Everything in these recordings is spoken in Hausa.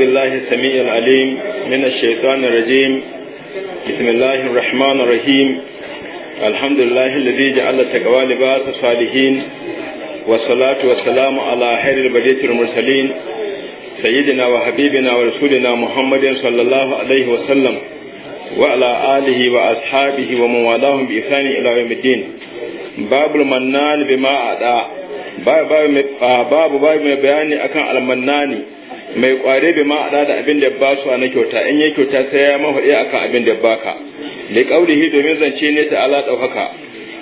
بالله السميع العليم من الشيطان الرجيم بسم الله الرحمن الرحيم الحمد لله الذي جعل التقوى لباس الصالحين والصلاة والسلام على خير البرية المرسلين سيدنا وحبيبنا ورسولنا محمد صلى الله عليه وسلم وعلى آله وأصحابه ومن والاهم بإحسان إلى يوم الدين باب المنان بما أدعى باب باب باب, باب, باب, بيان أكان المناني mai kware bai ma da abin da ba su na kyauta in ya kyauta sai ya mafaɗi akan abin da baka da kaurihi domin zance ne ta ala ɗaukaka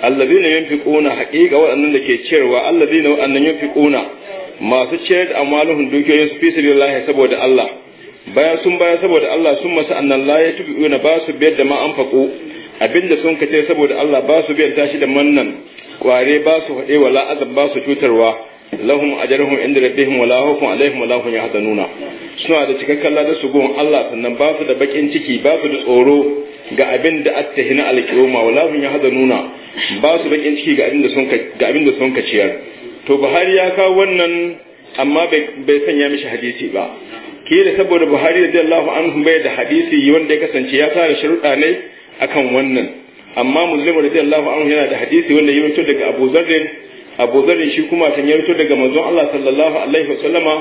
allazina yunfiquna haqiqa waɗannan da ke ciyarwa allazina waɗannan yunfiquna masu ciyar da amaluhun dukiyoyin su fi sabilillah saboda Allah bayan sun bayar saboda Allah sun masu annan la ya ba su biyar da ma an faƙo abinda sun kace saboda Allah ba su biyar tashi da mannan kware ba su haɗe wala azab ba su cutarwa lahum ajruhum inda rabbihim wala hukum alaihim wala hum yahzanuna suna da cikakken ladar su gon Allah sannan ba su da bakin ciki ba su da tsoro ga abin da attahina alqiyuma wala hum yahzanuna ba su bakin ciki ga abin da sun ga abin da sun kaciyar to Buhari ya kawo wannan amma bai sanya mishi hadisi ba da saboda Buhari radiyallahu anhu bai da hadisi wanda ya kasance ya tsara sharuɗa ne akan wannan amma Muslim radiyallahu anhu yana da hadisi wanda ya fito daga Abu Zarr Abu Dharr shi kuma san yarto daga manzon Allah sallallahu alaihi wasallama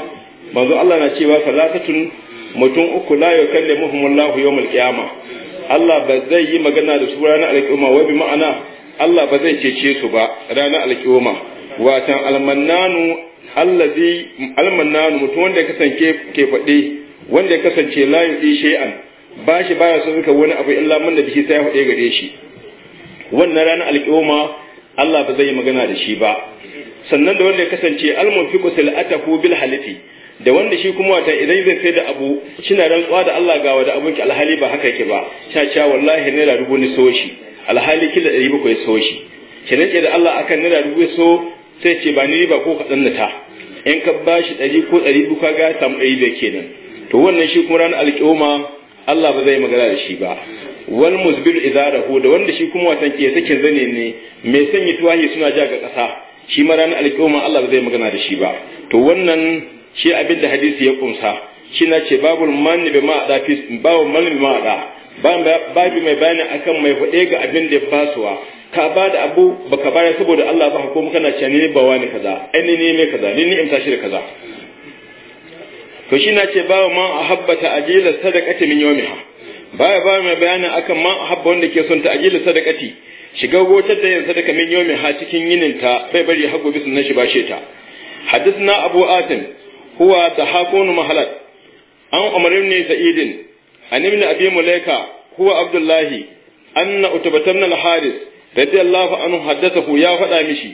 manzon Allah na cewa salatatun mutum uku la Allah yawmal qiyama Allah ba zai yi magana da su ranar alƙiyama wai bi ma'ana Allah ba zai cece su ba ranar alƙiyama watan almannanu allazi almannanu mutum wanda ya kasance ke faɗe wanda ya kasance la yuqi shay'an ba shi baya so suka wani abu illa man da bihi sai ya faɗe gare shi wannan ranar alƙiyama Allah ba zai magana da shi ba sannan da wanda ya kasance almunfiqu silatahu bil halifi da wanda shi kuma wata idan zai sai da abu kina rantsuwa da Allah ga wada abunki alhali ba haka yake ba cha cha wallahi naira dubu ni so shi alhali kila ɗari bakwai so shi ki ce da Allah akan naira dubu so sai ce ba ni riba ko kaɗan na ta in ka ba shi ɗari ko ɗari biyu ka ga samu ɗari da kenan to wannan shi kuma ranar alƙiyoma Allah ba zai magana da shi ba wal musbil izarahu da wanda shi kuma watan ke sake zane ne mai sanya tuwahi suna ja ga ƙasa shi ma ranar alƙiyama Allah ba zai magana da shi ba to wannan shi abin da hadisi ya kumsa shi na ce babul manni bi da fi babul manni bi da babu mai bayani akan mai faɗe ga abin da ya fasuwa ka ba da abu baka bayar saboda Allah ba ko kana ce ni ba wani kaza ai ne mai kaza ni ni in tashi da kaza to shi na ce babu man ahabbata ajila sadaqati min yawmiha baya ba mai bayanin akan man habba wanda ke son ta'jilu sadakati, shiga gotar da yin sadaka min yomin ha cikin yininta bai bari hagu gobe na shi bashe ta hadithna abu atim huwa tahaqun mahalat an umar ibn sa'id an ibn abi mulaika huwa abdullahi anna utbatan al-haris radiyallahu anhu haddathahu ya faɗa mishi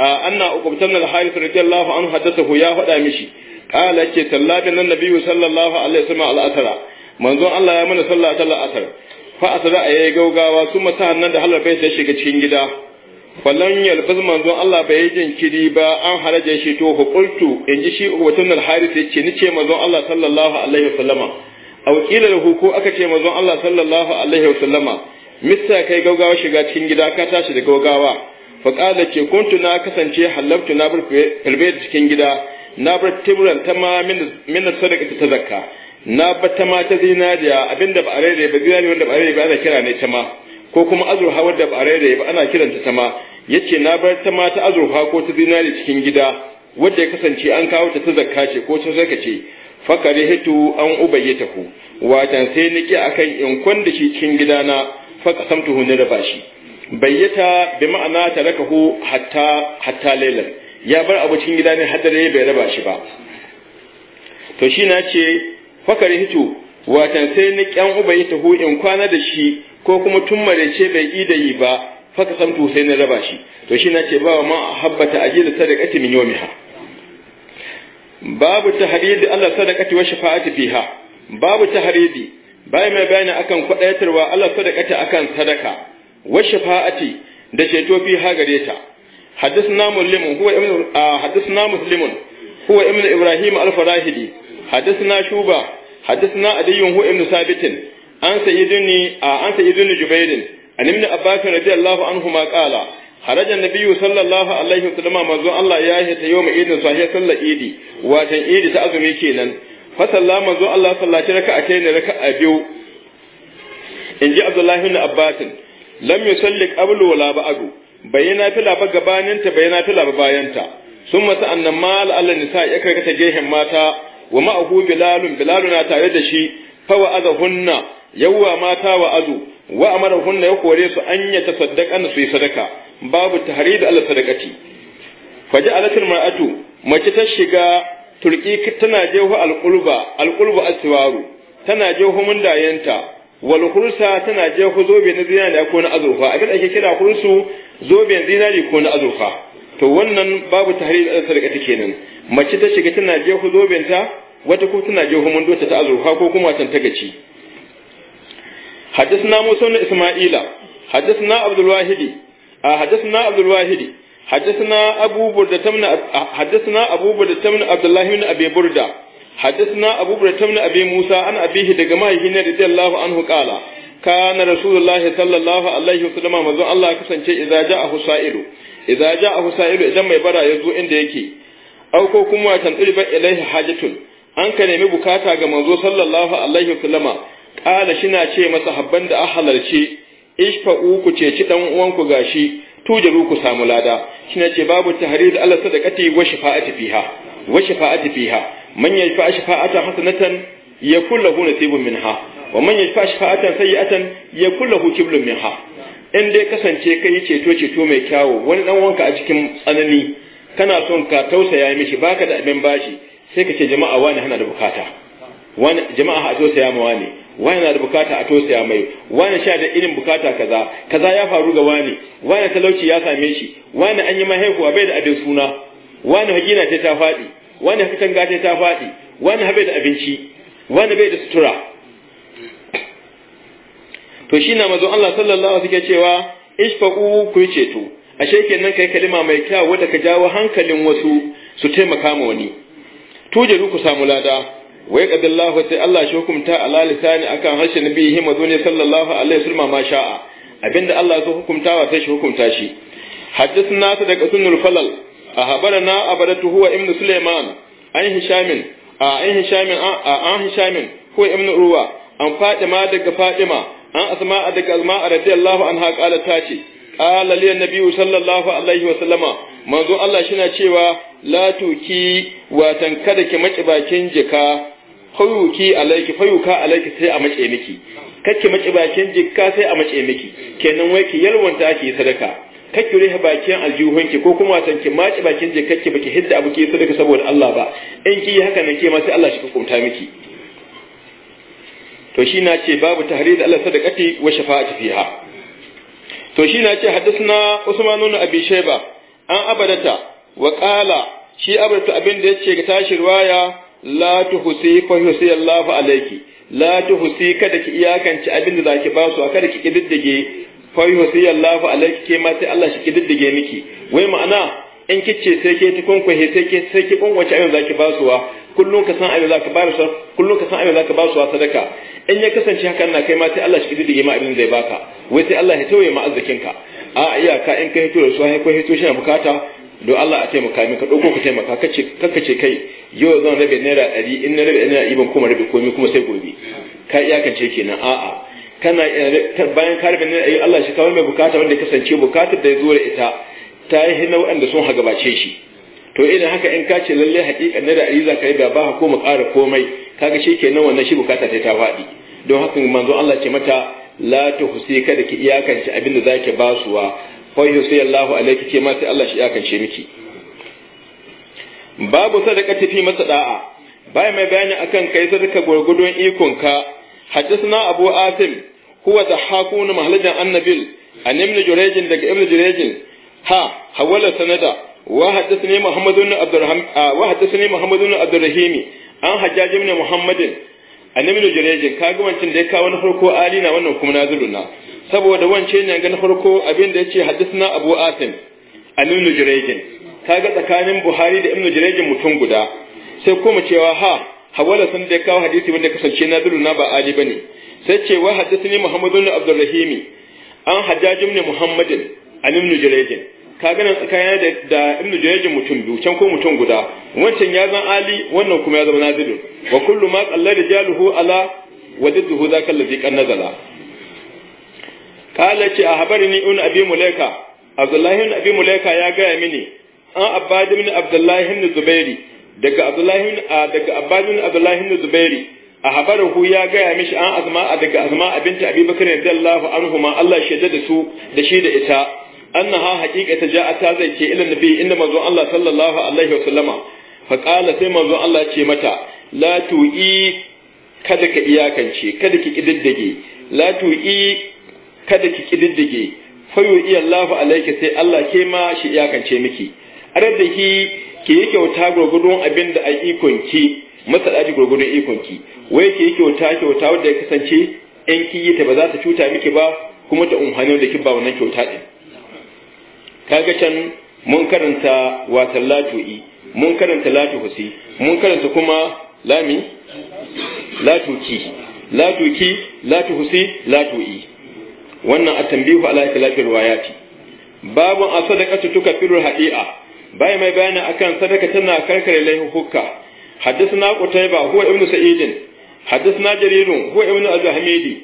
anna uqbatan al-haris radiyallahu anhu haddathahu ya faɗa mishi qala ce tallabin annabi sallallahu alaihi wasallam al-athara manzon Allah ya mana sallah ta la'asar fa asra ayi gaugawa su mata nan da halar bai sai shiga cikin gida fallan yalbas manzon Allah bai yi jinkiri ba an haraje shi to hukuntu in ji shi watan al-harith yace ni ce manzon Allah sallallahu alaihi wasallama aw qila lahu ko aka ce manzon Allah sallallahu alaihi wasallama mista kai gaugawa shiga cikin gida ka tashi da gaugawa fa qala ce kuntu na kasance halartu na bar filbe cikin gida na bar tibran tamamin min sadaqati ta zakka na bata ma ta zinariya abinda ba a ba zinari wanda ba a ba ana kira ne ta ma ko kuma azurha wanda ba a ba ana kiranta ta ma yace na bar ta ma ta azurha ko ta zinari cikin gida wanda ya kasance an kawo ta ta zakka ce ko ta zakka ce fakari hitu an ubayyata ku watan sai ki akan in kwanda shi cikin gida gidana faka samtuhu ne raba shi bayyata bi ma'ana tarakahu hatta hatta lailan ya bar abu cikin gida ne har bai raba shi ba to shi na ce fakar hito watan sai ni kyan uba yi taho in kwana da shi ko kuma tun marece bai yi da yi ba faka samtu sai na raba shi to shi na ce ba wa ma habbata ajiyar sadaqati min yawmiha babu tahridi Allah sadaqati wa shafa'ati fiha babu tahridi bai mai bayani akan kwadaitarwa Allah sadaqati akan sadaka wa shafa'ati da ceto fi ha gare ta حدثنا مسلم هو ابن حدثنا مسلم هو ابن ابراهيم الفراهدي حدثنا شوبة حدثنا علي هو Sabitin, ثابت عن سيدني عن سيدني جبير عن ابن عباس رضي الله عنهما قال خرج النبي صلى الله عليه وسلم منذ الله يا هي يوم عيد صحيح صلى عيد واتن عيد ta azumi kenan fa salla manzo Allah sallaci raka'atayn raka'a biyu inji Abdullahi ibn Abbas lam yusalli qablu wala ba'du bayyana fila ba gabanin ta bayyana fila ba bayan ta summa sa'annan mal Allah nisa ya kai ta gehen mata wa ma'ahu bilalun bilaluna tare da shi fa hunna yawwa mata wa azu, wa hunna ya kore su an ya Saddaka su yi sadaka babu tahrid al sadaqati faja'alat al ma'atu mace ta shiga turki tana jeho al qulba al qulba aswaru tana jeho mundayenta wal khursa tana jeho zobe na zinari ko na azurfa a da ake kira khursu zobe zinari ko na azurfa to wannan babu tahrir da sadaka ta kenan mace ta shiga tana je zobenta wata ko tana je jeho mundota ta azurfa ko kuma tan tagaci حدثنا موسى بن اسماعيل حدثنا عبد الواحد حدثنا عبد الواحد حدثنا ابو برده من حدثنا ابو برده من عبد الله بن ابي برده حدثنا ابو برده من ابي موسى عن ابيه دغما هنا رضي الله عنه قال kana rasulullahi sallallahu alaihi wasallam manzon Allah kasance idza ja'ahu sa'ilu idza ja'ahu sa'ilu idan mai bara ya zo inda yake au ko kuma tan tsiriba ilaihi hajatun an ka nemi bukata ga manzo sallallahu alaihi wasallam shi na ce masa habban da a halarci. ishfa'u ku ceci dan uwanku gashi tujaru ku samu lada Shina ce babu tahrir da sadaqati wa shifa'ati fiha wa shifa'ati fiha man yashfa'a shifa'atan hasanatan ya kulla hu nasibun minha wa man yashfa shafa'atan sayyi'atan kulla hu kiblun minha in dai kasance kai ceto ceto mai kyawu wani dan wanka a cikin tsanani kana son ka tausaya mishi baka da abin bashi sai ka ce jama'a wani hana da bukata wani jama'a a tausaya ma wani wani na da bukata a tausaya mai wani sha da irin bukata kaza kaza ya faru ga wani wani talauci ya same shi wani an yi mahaihuwa bai da abin suna wani hakina ce ta faɗi wani hakitan gata ta faɗi wani haɓe da abinci wani bai da sutura to shi na mazo Allah sallallahu alaihi wasallam cewa ishfa'u ku ceto ashe kenan kai kalima mai kyau wadda ka jawo hankalin wasu su taimaka ma wani tujaru ku samu lada wai kadallahu sai Allah shi hukumta ala akan harshen yi mazo ne sallallahu alaihi wasallam ma sha'a abinda Allah ya hukumta wa sai shi hukumta shi ta daga sunnul falal ahbarana abadatu huwa ابن sulaiman an hishamin an hishamin an hishamin ko ibn urwa an fatima daga fatima an asma'a daga asma'a radiyallahu anha qala ta ce qala li annabi sallallahu alaihi wa sallama manzo Allah shi na cewa la tuki watan kada ki maci bakin jika fayuki alaiki fayuka alaiki sai a mace miki kake maci bakin jika sai a mace miki kenan wai ki yalwanta ki sadaka kake rufe bakin aljihunki ko kuma watan ki maci bakin kake baki hidda abu ke sadaka saboda Allah ba in ki yi haka ne ke ma sai Allah shi hukunta miki to shi na ce babu tahrid Allah sadaqati wa shafa'ati fiha to shi na ce hadisna Usman ibn Abi Shayba an abadata wa qala shi abadata abin da yace ga tashi riwaya la tuhsi fa yusi Allah alayki la tuhsi kada ki iyakanci abin da zaki ba su kada ki kididdige fa yusiyallahu alayki ke ma sai Allah shi ke diddige miki wai ma'ana in kice sai ke ta kunkwahe sai ke sai ke kunwace ayo zaki basuwa kullum ka san ayo zaka ba su kullum ka san ayo zaka basuwa sadaka in ya kasance haka na kai ma sai Allah shi ke diddige ma abin zai baka wai sai Allah ya tawaye ma arzikin ka a iyaka in kai hito da su ko hito shi na bukata don Allah a taimaka min ka dauko ka taimaka kace kakace kai yau zan rabe naira 100 in na rabe naira 100 kuma rabe komai kuma sai gobe ka iyakance kenan a'a kana eh, bayan ka rufe nan ayi eh, Allah shi kawai mai bukata wanda ya kasance bukata da ya zo da ita ta yi hina waɗanda sun hagabace shi to idan haka in ka ce lalle haƙiƙa na da ariza kai ba ba ko mu ƙara komai kaga shi kenan wannan shi bukata ta ta faɗi don haka manzo Allah ce mata la ka kada ki iyakance abin da zaki basuwa fa yusi Allahu alayki ce ma sai Allah shi iyakance miki babu sadaka tafi masa da'a bayan mai bayani akan kai sadaka gurgudun ikonka حدثنا أبو آثم هو ضحاكون مهلجا عن نبيل عن ابن جريج دك ابن جريج ها حول سندا وحدثني محمد بن عبد الرحمن وحدثني محمد بن عبد الرحيم عن حجاج بن محمد عن ابن جريج kaga وانتن da ya kawo na farko ali na wannan kuma nazirun saboda wance ne ga farko abin da yace haddathna abu asim an ibn jurayj kaga tsakanin buhari da ibn jurayj mutum guda sai kuma cewa ha hawala sun da kawo hadisi wanda kasance na nadiru na ba ali bane sai ce wa ne Muhammadu ibn abdurrahimi an hajjaj ibn muhammadin an ibn jurayj kaga nan tsakanin da, da ibn jurayj mutum biyu can ko mutum guda wancan ya zan ali wannan kuma ya zama nadiru wa kullu ma qalla rijaluhu ala wajduhu zaka allazi kan nazala kala ce a habarini ibn abi mulaika abdullahi ibn abi mulaika ya gaya mini an abadi ibn abdullahi ibn zubairi daga abdullahi daga abbadin abdullahi ibn zubairi a hu ya gaya mishi an azma daga azma abinta abubakar radiyallahu anhu anhuma Allah shaida da su da shi da ita annaha haqiqata ta zai ce ila nabi inda manzo Allah sallallahu alaihi wasallama fa qala sai manzo Allah ce mata la tu'i kada ka iyakance kada ki kididdige la tu'i kada ki kididdige fa iya Allah alaika sai Allah ke ma shi iyakance miki aradahi ke yi kyauta gurgudun abin da a ikon ki masa daji gurgudun ikon ki wai ke yi kyauta kyauta wanda ya kasance in kiyi yi ta ba za ta cuta miki ba kuma ta umhanin da ki ba wannan kyauta din kaga can mun karanta watan latu'i mun karanta latuhusi mun karanta kuma lami latuki latuki latuhusi latu'i wannan a tambihu ala ikhlafir wayati babun asadaqatu tukaffiru hadi'a bai mai bayani akan sadaka tana karkare laifuka حدثنا قتيبة هو ابن سعيد حدثنا جرير هو ابن أبي حميد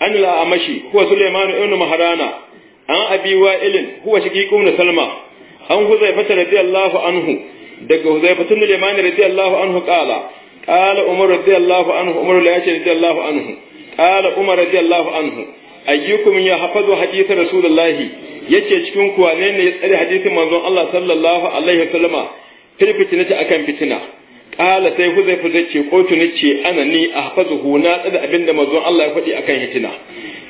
عن الأعمشي هو سليمان ابن مهرانا عن أبي وائل هو شقيق بن سلمى عن حذيفة رضي الله عنه دق حذيفة بن اليمان رضي الله عنه قال قال عمر رضي الله عنه عمر العاشر رضي الله عنه قال عمر رضي الله عنه ayyukum ya hafazu hadisa rasulullahi yace cikin ku wane ne ya tsare hadisin manzon Allah sallallahu alaihi wasallama fil fitnati akan fitina qala sai huzaifu zace ko tunice ana ni ahfazuhu na tsare abinda manzon Allah ya faɗi akan fitina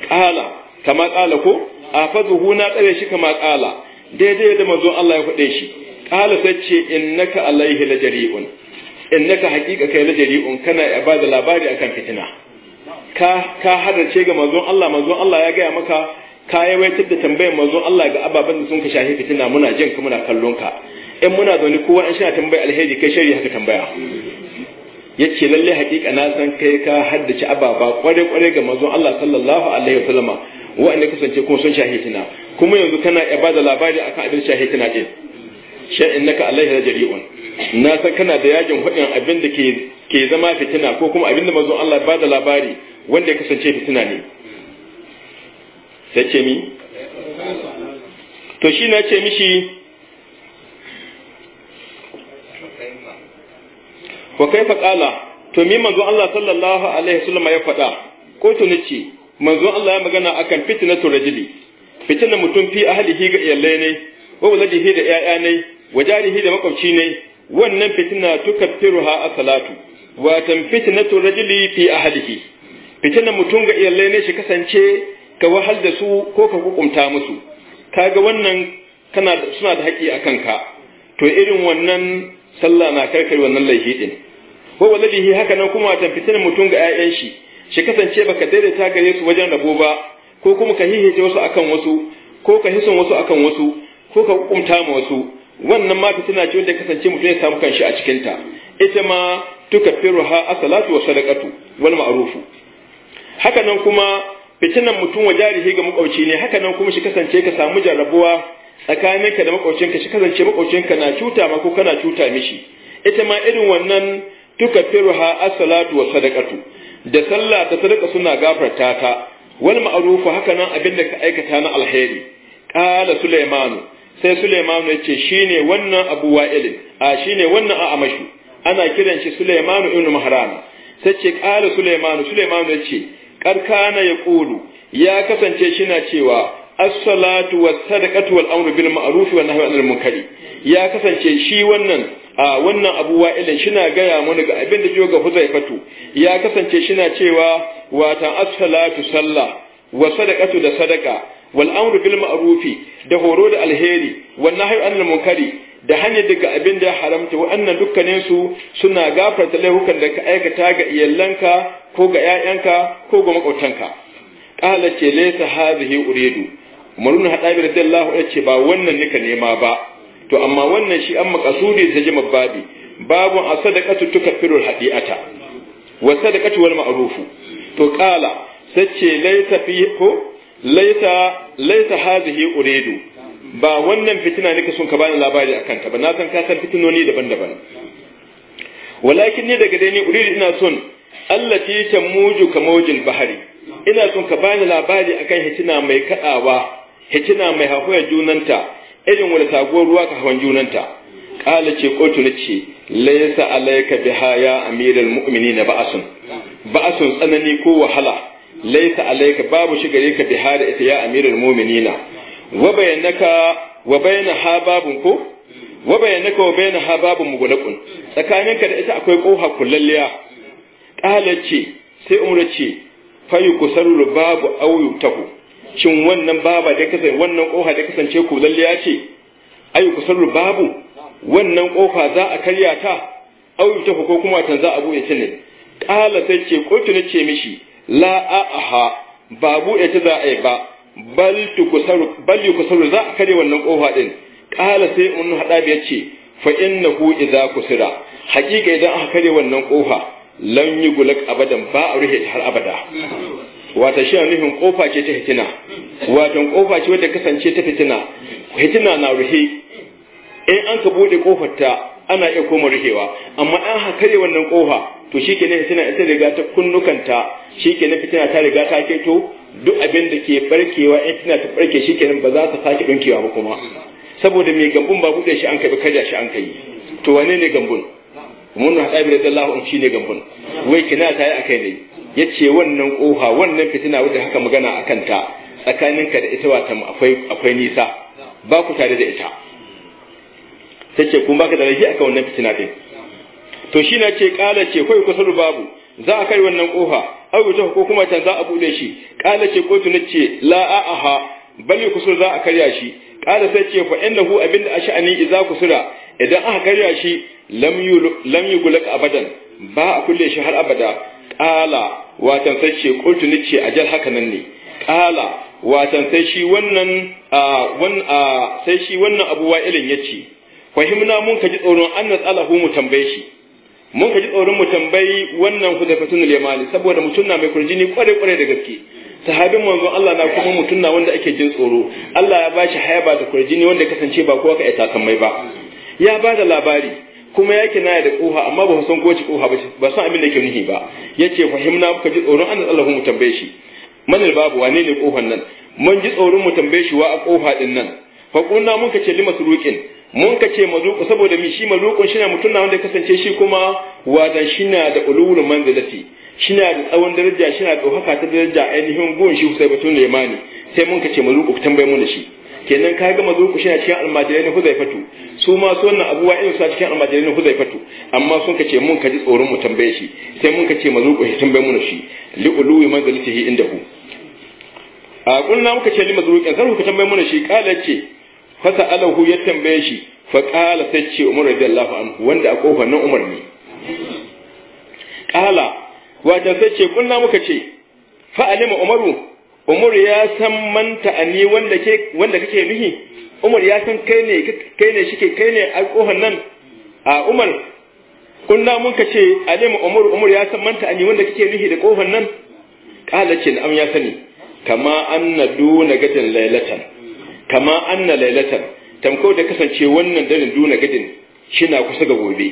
qala kama qala ko a hafazu na tsare shi kama qala daidai da manzon Allah ya faɗe shi qala zace innaka alaihi lajari'un innaka haqiqa kai lajari'un kana ibada labari akan fitina ka ka hadarce ga manzon Allah manzon Allah ya gaya maka ka yawaitar da tambayar manzon Allah ga ababen da sun ka shafi fitina muna jin ka muna kallon ka in muna zaune kowa in shi tambaya alheri kai shari haka tambaya yace lalle haƙiƙa na san kai ka haddace ababa kware kware ga manzon Allah sallallahu alaihi wasallama wa'anda kasance kuma sun shahitina kuma yanzu kana ibada labari akan abin shahitina din shan innaka alaihi jari'un na san kana da yakin hudin abin da ke ke zama fitina ko kuma abin da manzon Allah ba da labari wanda ya kasance fitina ne sai ce mi to shi na ce mishi wa kaifa kala, to mi manzo Allah sallallahu alaihi wasallam ya faɗa ko to nace manzo Allah ya magana akan fitnatu rajuli fitnatu mutum fi ahlihi ga iyalai ne wa waladihi da ƴaƴa ne wa jarihi da makwabci ne wannan fitina tukaffiruha as-salatu watan fitnatu rajuli fi ahlihi fitinan mutum ga iyalai ne shi kasance ka wahal da su ko ka hukumta musu kaga wannan kana suna da haƙi a kanka to irin wannan sallah na karkar wannan laifi din wa wallahi haka nan kuma watan fitinan mutum ga 'ya'yan shi shi kasance baka daidaita gare su wajen rabo ba ko kuma ka hihice wasu akan wasu ko ka hison wasu akan wasu ko ka hukumta ma wasu wannan mata tana ce wanda kasance mutum ya samu kanshi a cikinta. ita ma firu ha asalatu wa sadaqatu wal ma'rufu haka nan kuma fitinan mutum wa jarihi ga makauci ne haka nan kuma shi kasance ka samu jarabuwa tsakaninka da makaucinka shi kasance makaucinka na cuta ma ko kana cuta mishi ita ma irin wannan firu ha asalatu wa sadaqatu da sallah ta sadaka suna gafarta ta wal ma'rufu haka nan abin ka aikata na alheri qala sulaimanu sai Sulaimanu ya ce shine wannan Abu Wa'il a shine wannan a Amashu ana kiran shi Sulaimanu ibn Mahran sai ce qala Sulaimanu Sulaimanu ya ce karkana ya qulu ya kasance shi na cewa as-salatu was-sadaqatu wal-amru bil ma'ruf wa nahyu anil munkari ya kasance shi wannan a wannan Abu Wa'il na gaya mana ga abin da jiyo ga Huzaifatu ya kasance shi na cewa watan as-salatu sallah wa sadaqatu da sadaqa wal amru bil ma'rufi da horo da alheri wal nahyu anil munkari da hanyar daga abin da ya haramta wa'annan dukkanin su suna gafarta laifukan da ka aikata ga iyalanka ko ga 'ya'yanka ko ga makwabtanka qala ce laysa hadhihi uridu umar hadabi radiyallahu anhu ce ba wannan nika nema ba to amma wannan shi an makasudi ta jima babi babu asadaqatu tukaffiru hadiata wa sadaqatu wal ma'rufu to qala sace laysa fi ko laita laita hazihi uridu ba wannan fitina nika sun ka bani labari akan ta ba na san ka san fitinoni daban-daban walakin ni daga dai ni uridu ina son allati tamuju kamujil bahari ina son ka bani labari akan hitina mai kadawa hitina mai hahuya junanta irin wani taguwar ruwa ka hawan junanta kala ce kotu na ce laisa alaika biha ya amiral mu'mini na ba'asun ba'asun tsanani ko wahala laisa alaika babu shi gare ka bihada ita ya amirul mu'minina wa bayyanaka wa ha babun ko wa bayyanaka wa ha babun tsakanin ka da ita akwai koha kullalliya qala ce sai umra ce fayu kusarru babu aw yutahu shin wannan baba da kasance wannan koha da kasance kullalliya ce ayu kusaru babu wannan kofa za a karya ta aw yutahu ko kuma tan za a buɗe ta ne qala sai ce kuntu ce mishi la aha ba buɗe ta za a yi ba bal yukusaru za a kare wannan ƙofa ɗin ƙala sai in haɗa ya ce fa innahu idza kusira haƙiƙa idan aka kare wannan ƙofa lan yi gulak abadan ba a rufe ta har abada wata shi a nufin kofa ce ta hitina watan kofa ce wadda kasance ta fitina hitina na ruhe in an ka bude kofar ta ana iya koma rufewa amma an hakare wannan kofa to shikenan fitina ita riga ta kunnukanta shikenan fitina ta riga ta keto duk abin da ke barkewa in fitina ta barke shikenan ba za ta sake dunkewa ba kuma saboda mai gambun ba bude shi an kai kaja shi an kai to wane ne gambun mun hada bi radiyallahu anhu shine gambun wai kina ta yi akai ne yace wannan kofa wannan fitina wanda haka magana akan ta tsakaninka da ita wata akwai akwai nisa ba ku tare da ita take kun baka da laifi akan wannan fitina kai to shi na ce kala ce kai kusa babu za a kai wannan kofa au ta ko kuma can za a bude shi kala ce kotu na ce la aha bali kusa za a karya shi kala sai ce fa innahu abinda ash'ani idza kusura idan aka karya shi lam yu lam yugulak abadan ba a kulle shi har abada kala watan sai ce kotu ni ce ajal haka nan ne kala watan sai shi wannan sai shi wannan abuwa ilin yace fahimna mun kaji tsoron an hu mu tambaye shi mun kaji tsoron mu tambayi wannan hudaifatul yamani saboda mutum na mai kurjini kware kware da gaske sahabin manzon Allah na kuma mutum na wanda ake jin tsoro Allah ya bashi hayaba da kurjini wanda kasance ba kowa ka ita kan ba ya ba da labari kuma yake na da koha amma ba san kowace koha ba ba san abin da yake nuhi ba yace fahimna ka ji tsoron an hu mu tambaye shi manil babu wane ne kohon nan mun ji tsoron mu tambaye shi wa a kofa din nan fa kunna mun kace limasruqin mun ka ce mazuku saboda mi shi mazukun shi na mutum na wanda kasance shi kuma watan shi na da da manzalati shi na da tsawon daraja shi na ɗaukaka ta daraja ainihin gun shi husai batun limani sai mun ka ce mazuku tambaye mu da shi kenan ka ga mazuku shi na cikin almajirai na huzai fatu su ma su wannan abubuwa irin sa cikin almajirai na huzai fatu amma sun ka ce mun ka ji tsoron mu tambaye shi sai mun ka ce mazuku shi tambaye mu da shi li uluwi inda indahu a kulna muka ce li mazuku kan sai ku tambaye mu da shi kala ce fasa alahu ya tambaye shi fa qala sai ce umar radiyallahu anhu wanda a kofar nan umar ne qala wata sai ce kunna muka ce fa alima umaru umar ya san a ni wanda ke wanda kake nuhi umar ya san kai ne kai ne shike kai ne a kofar nan a umar kunna muka ce alima umar umar ya san a ni wanda kake nuhi da kofar nan qala ce am ya sani kama anna duna gajin lailatan kama anna lailatan tamko da kasance wannan daren duna gadin shina kusa ga gobe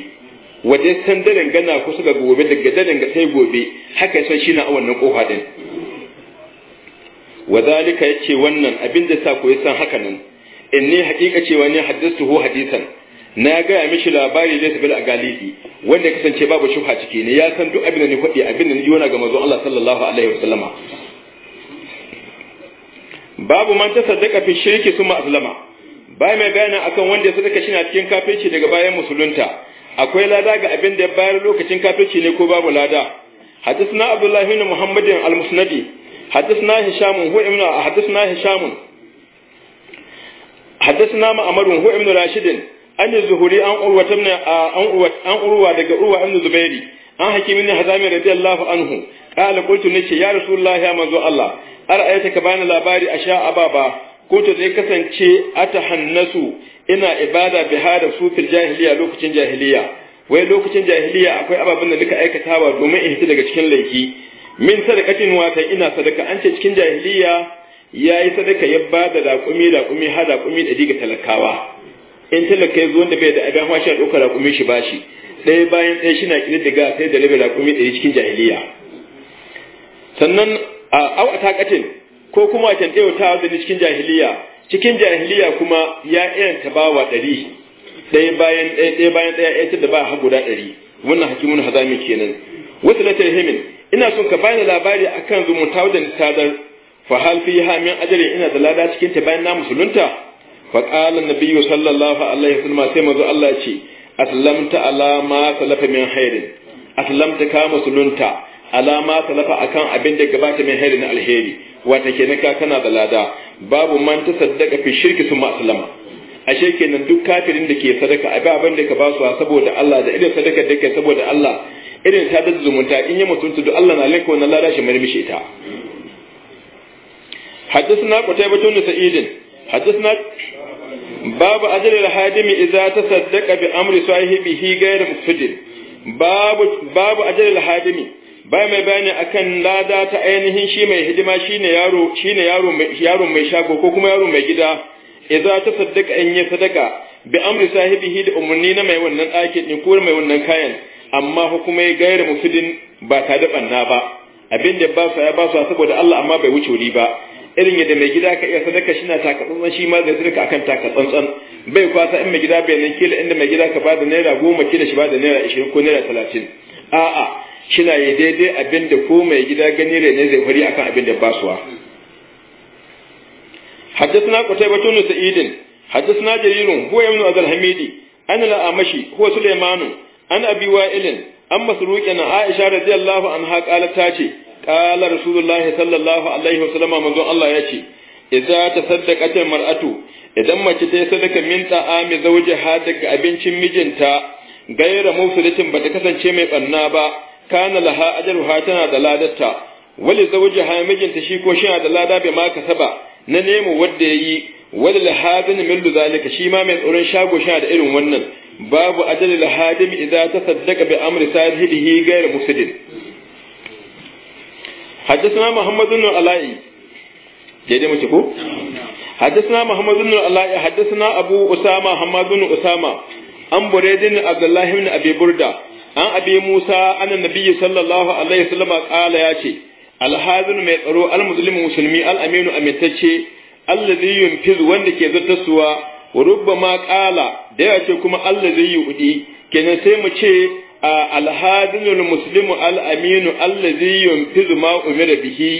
waje san daren gana kusa ga gobe daga daren ga sai gobe haka san shina a wannan kofa din wadalika yace wannan abin da sa koyi san haka nan inni haqiqa cewa ne haddathu hadisan na gaya mishi labari da sabil agalidi wanda kasance babu shuka ciki ne ya san duk abin da ni faɗi abin da ni yona ga manzon Allah sallallahu alaihi wasallama babu man saddaka fi shirki summa aslama bai mai bayana akan wanda ya saddaka shi na cikin kafirci daga bayan musulunta akwai lada ga abin da ya bayar lokacin kafirci ne ko babu lada حدثنا عبد الله بن al musnadi حدثنا hisham hu ibn حدثنا hisham ma'mar hu ibn rashid an zuhuri an urwa tamna an urwa an urwa daga urwa ibn zubairi an hakim ibn hazami radiyallahu anhu qala qultu nace ya rasulullahi ya manzo Allah ar'ayata ka bani labari a sha ababa ko ta zai kasance a ta atahannasu ina ibada bi hada sufil jahiliya lokacin jahiliya wai lokacin jahiliya akwai ababen da nika aikatawa domin in hita daga cikin laifi min sadakatin wata ina sadaka an ce cikin jahiliya ya yi sadaka ya ba da laƙumi laƙumi har laƙumi da diga talakawa in talaka ya wanda bai da abin hawa shi ɗauka laƙumi shi bashi ɗaya bayan ɗaya shi na daga sai da rabe laƙumi ɗari cikin jahiliya sannan A aw katin ko kuma tantewa ta zani cikin jahiliya cikin jahiliya kuma ya iyan tabawa ɗari ɗaya bayan ɗaya ɗaya bayan ɗaya ɗaya da ba ha guda ɗari wannan hakimun hazami kenan wata latar himin ina son ka bani labari akan zumunta wajen tadar fa hal fi ha min ina da lada cikin ta bayan na musulunta fa qala nabiyyu sallallahu alaihi wasallam sai manzo Allah ya ce aslamta ala ma salafa min khairin aslamta ka musulunta alama salafa akan abin da gabata min hairin alheri wata kenan ka kana da lada babu man ta saddaka fi shirki sun ma'asalama ashe kenan duk kafirin da ke sadaka a abin da ka ba su saboda Allah da irin sadaka da ke saboda Allah irin ta da zumunta in ya mutunta duk Allah na laika wannan lada shi mai mishi ita حدثنا قتيبة بن سعيد حدثنا باب أجر الحادم إذا تصدق بأمر صاحبه غير مفسد باب باب أجر الحادم bai mai bayani akan lada ta ainihin shi mai hidima shine yaro shine yaro mai yaro mai shago ko kuma yaro mai gida idza ta saddaka in ya sadaka bi amri sahibihi da umarni na mai wannan ɗakin din ko mai wannan kayan amma hukumai ya mufidin ba ta da banna ba abin da ba sa ya ba sa saboda Allah amma bai wuce wuri ba irin yadda mai gida ka iya sadaka shi na taka tsantsan shi ma zai sadaka akan taka tsantsan bai kwasa in mai gida bai nan kila inda mai gida ka bada naira goma kila shi bada naira ishirin ko naira talatin a'a kina yi daidai abinda da ko mai gida gani rai zai fari akan abin da ba su wa Sa'idin, qutaybatu ibn sa'id hadithna jarirun huwa ibn azal ana la amshi huwa sulayman ana abi wa'il an masruqin aisha radhiyallahu anha qalat ta ce qala rasulullahi sallallahu alaihi wasallam manzo allah ya ce idza tasaddaqat almar'atu idan mace ta sadaka min ta'ami har daga abincin mijinta gaira mufsidatin ba ta kasance mai banna ba kana laha ajruha tana da ladarta wali zawjiha mijinta shi ko shi da lada bai ma kasaba na nemo wanda yayi wali lahadin min zalika shi ma mai tsoron shago shi da irin wannan babu ajali lahadim idza tasaddaqa bi amri sahibihi ghayr musaddid حدثنا محمد بن علي جدي متكو حدثنا محمد بن علي حدثنا ابو اسامه محمد بن اسامه عن بريد عبد الله بن ابي برده an abi musa anan nabiyyi sallallahu alaihi wasallam kala yace ce alhazin mai tsaro almuslimu musulmi al'aminu amintacce allazi yunfiz wanda ke zattasuwa wa rubbama kala da yace ce kuma allazi yudi kenan sai mu ce alhazin almuslimu al'aminu allazi yunfiz ma umira bihi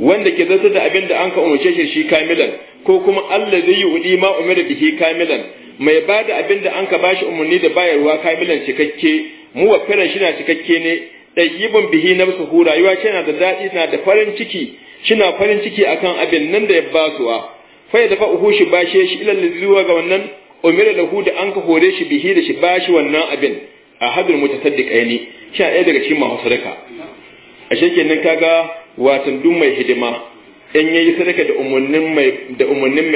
wanda ke zata da abinda da an ka umarce shi shi kamilan ko kuma allazi yudi ma umira bihi kamilan mai bada abin da an ka shi umarni da bayarwa kamilan cikakke mu wa firan shi na cikakke ne ɗayyibin bihi na hu, rayuwa shi na da daɗi na da farin ciki shi farin ciki akan abin nan da ya basuwa fa ya dafa uhu shi bashe shi ilal zuwa ga wannan umira hu da an ka hore shi bihi da shi bashi wannan abin a hadul mutasaddiqaini shi a ɗaya daga cikin masu sadaka a shekenan kaga watan duk mai hidima in yayi sadaka da umarnin mai da umarnin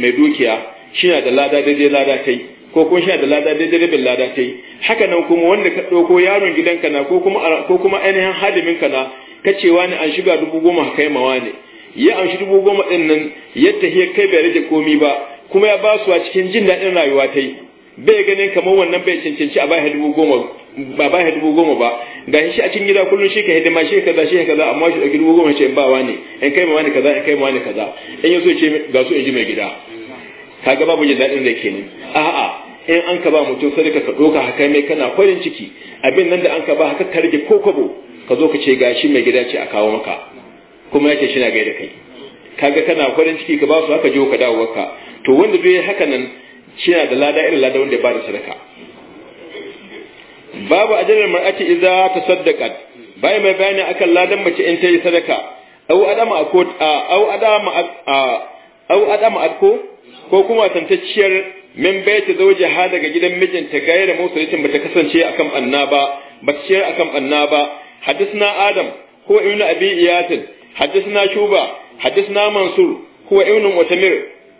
mai dukiya Shina da lada daidai lada kai ko kuma shina da lada daidai rabin lada kai haka nan kuma wanda ka ɗauko yaron gidanka na ko kuma ko kuma ainihin hadimin ka na ka ce wani an shiga dubu goma ka kai mawa ne ya shiga dubu goma ɗin nan yadda ya kai bai rage komi ba kuma ya ba su a cikin jin daɗin rayuwa ta yi bai ganin kamar wannan bai cancanci a bai dubu goma ba ba shi dubu goma ba ga shi a cikin gida kullum shi ka hidima shi kaza shi kaza amma shi dauki dubu goma shi in ba wani in kai ma wani kaza in kai ma wani kaza in yaso ce ga su in ji mai gida kaga babu jin daɗin da ke ne a'a in an ka ba mutum sadaka ka ɗoka haka mai kana farin ciki abin nan da an ka ba haka ka rage ko kwabo ka zo ka ce gashi mai gida ce a kawo maka kuma yake shi na gaida kai kaga kana farin ciki ka ba su haka jiwo ka dawo ka to wanda zai haka nan shi da lada irin lada wanda ba da sadaka babu ajalar mar'ati idza tasaddaqat bai mai bayani akan ladan mace in ta yi sadaka au adama ko au adama au adama ko ko kuma tantacciyar min zauje ha daga gidan mijinta gaira ba ta kasance akan anna ba Ba ta ciyar akan anna ba hadisna adam ko ibnu abi iyatin hadisna shuba hadisna mansur ko ibnu mutamir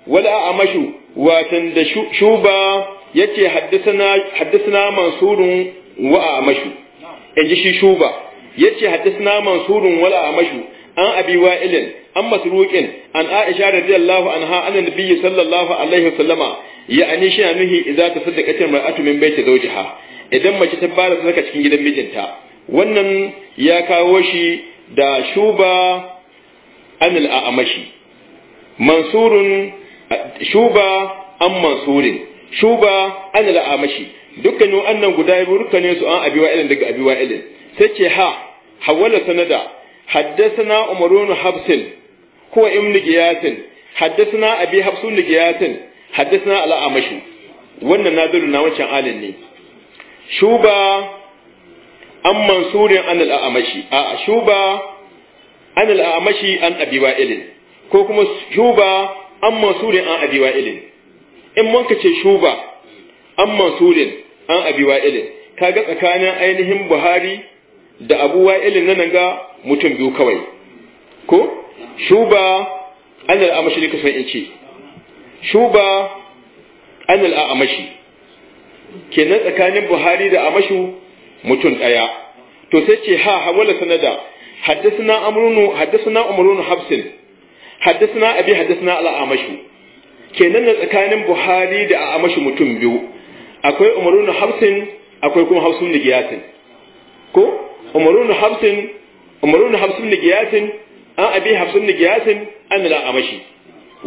wala amashu watan da shuba yace hadisna hadisna mansurun wa amashu inji shi shuba yace hadisna mansurun wala amashu an abi wa'ilin an masruqin an aisha radiyallahu anha anna nabiyyi sallallahu alaihi wasallama ya ani shi na nuhi idza tasaddaqat imra'atu min baiti zawjiha idan mace ta fara sadaka cikin gidan mijinta wannan ya kawo shi da shuba anil a'amashi mansurun shuba an mansurin shuba anil a'amashi dukkanin annan guda biyu rukkanin su an abi wa'ilin daga abi wa'ilin sai ce ha hawala sanada حدثنا عمر بن حفص هو ابن قياس حدثنا أبي حفص بن قياس حدثنا على أمشي wannan nadirun na wancan alin ne shuba an mansurin an al'amashi a shuba an al'amashi an abiwa ilin ko kuma shuba an mansurin an abiwa ilin in manka ce shuba an mansurin an abiwa ilin kaga tsakanin ainihin buhari da abu wa'ilin nan ga mutum biyu kawai ko shuba an al'amashi ne kasan ce shuba an al'amashi kenan tsakanin buhari da amashu mutum ɗaya to sai ce ha hawala sanada haddasna amrunu haddasna umrunu habsin haddasna abi haddasna al'amashu kenan na tsakanin buhari da amashu mutum biyu akwai umrunu habsin akwai kuma hausun da giyasin ko umarun hamsin umarun hamsin da giyasin an abi hamsin da giyasin an la amashi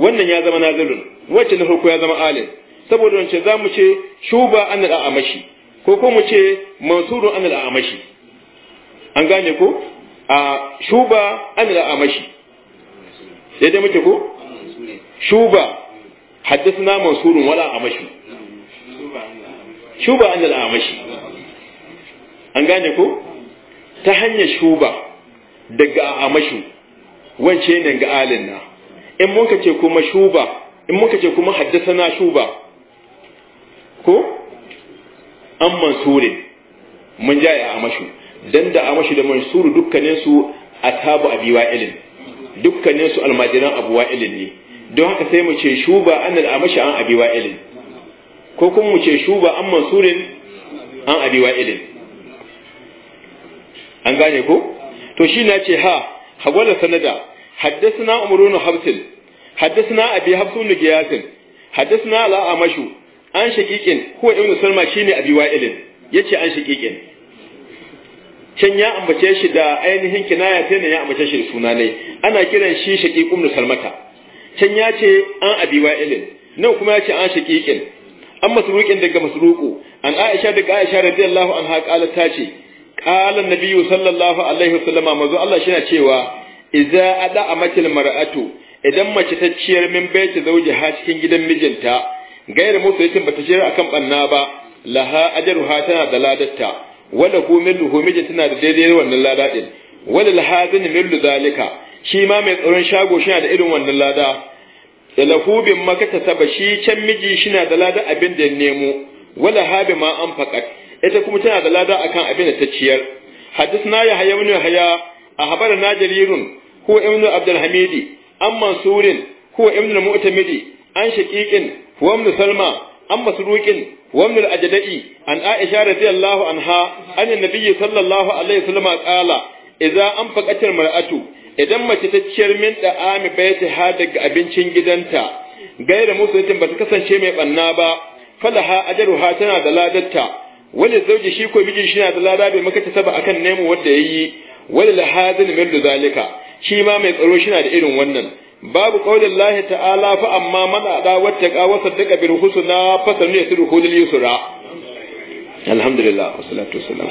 wannan ya zama nazilun wacce na farko ya zama alin saboda wacce za mu ce shuba an la amashi ko ko mu ce mansuru an la amashi an gane ko a shuba an la amashi daidai muke ko shuba haddathna mansurun wala amashi shuba an la amashi. an gane ko ta hanyar shuba daga a amashu wance ne ga alin na in muka ce kuma shuba in muka ce kuma haddasa na shuba ko an mansuri mun jaya a amashu dan da amashu da mansuru dukkaninsu ashabu abi dukkanin dukkaninsu almajiran abu ilin ne don haka sai mu ce shuba an mashi an abi ilin, ko kuma mu ce shuba an mansurin an abi ilin. an gane ko to shi na ce ha da sanada haddathna umru ibn haddasa na abi da giyasin haddasa na ala'a Mashu. an shaqiqin huwa ibn salma shi ne abi ya ce an shaƙiƙin. can ya ambace shi da ainihin kinaya sai ne ya ambace shi da suna ne ana kiran shi shaqiq da salmata can ya ce an abi wa'ilin nan kuma ya ce an shaƙiƙin? an masruqin daga masruqu an aisha daga aisha radiyallahu anha qalat ce qala nabiyyu sallallahu alaihi wasallam manzo Allah shi cewa idza ada amatil mar'atu idan mace ta ciyar min baiti zauji ha cikin gidan mijinta gairu musu yakin bata ciyar akan banna ba laha ajruha tana da ladatta wala hu hu mijin tana da daidai wannan lada din wala lahazin min zalika shi ma mai tsaron shago shi da irin wannan lada lahu bin makata saba shi can miji na da lada abin da nemo wala habi ma an faqat ita kuma tana da lada akan abin da ta ciyar hadisna ya haya ibn haya a habara na jarirun ko ibn abdul hamidi an mansurin ko ibn mu'tamidi an shaqiqin wa salma an masruqin wa ibn ajdai an aisha radiyallahu anha anna nabiy sallallahu alaihi wasallam qala idza anfaqatil mar'atu idan mace ta ciyar min da ami baitiha daga abincin gidanta gaira musulmin ba ta kasance mai banna ba falaha ajruha tana da ladarta wani zauji shi ko miji shi na da lada bai maka ta saba akan nemo wanda yayi wani lahazin min zalika shi ma mai tsaro shi na da irin wannan babu qaulin lahi ta'ala fa amma man ada wata ka wa saddaqa bil husna fa sanu yasru hulil yusra alhamdulillah wassalatu wassalam